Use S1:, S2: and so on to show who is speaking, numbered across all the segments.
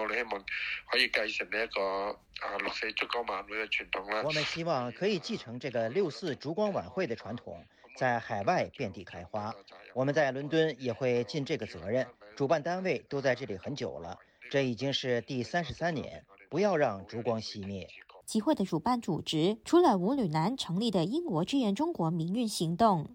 S1: 我哋希望可以繼承呢個六四燭光晚會嘅傳統，我們希
S2: 望可以繼承
S3: 這個六四燭光晚會的傳統，在海外遍地開花。我們在倫敦也會盡這個責任。主辦單位都在這裏很久了，這已經是第三十三年。不要讓燭光熄滅。
S2: 集會的主辦組織除了吳呂男成立的英國支援中國民運行動。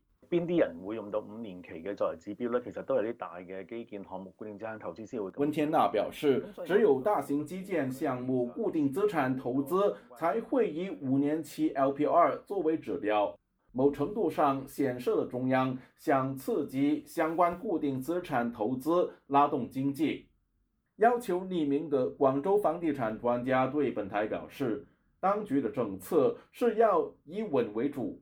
S4: 邊啲人會用到五年期嘅作為指標呢？其實都係啲大嘅基建項目固定資產投資先會。温天納表示，只有大型基建項目固定資產投資，才會以五年期 LPR 作為指標。某程度上，顯示了中央想刺激相關固定資產投資，拉動經濟。要求匿名嘅廣州房地產專家對本台表示，當局嘅政策是要以穩為主。